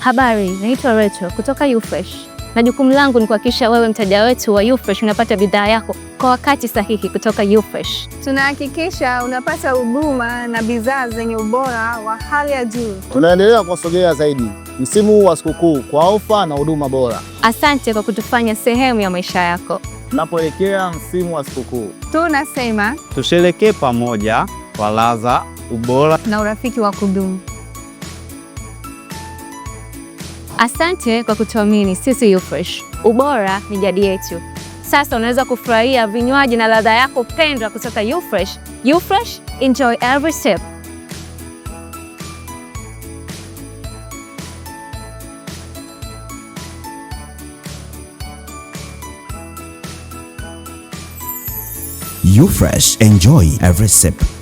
Habari, naitwa Rachel kutoka Ufresh na jukumu langu ni kuhakikisha wewe mteja wetu wa Ufresh unapata bidhaa yako kwa wakati sahihi kutoka Ufresh. Tunahakikisha unapata huduma na bidhaa zenye ubora wa hali ya juu. Tunaendelea kuwasogea zaidi msimu huu wa sikukuu kwa ofa na huduma bora. Asante kwa kutufanya sehemu ya maisha yako. Tunapoelekea msimu wa sikukuu, tunasema tusherekee pamoja kwa ladha, ubora na urafiki wa kudumu. Asante kwa kutuamini sisi Ufresh, ubora ni jadi yetu. Sasa unaweza kufurahia vinywaji na ladha yako pendwa kutoka Ufresh. Ufresh, enjoy every step. Ufresh, enjoy every sip.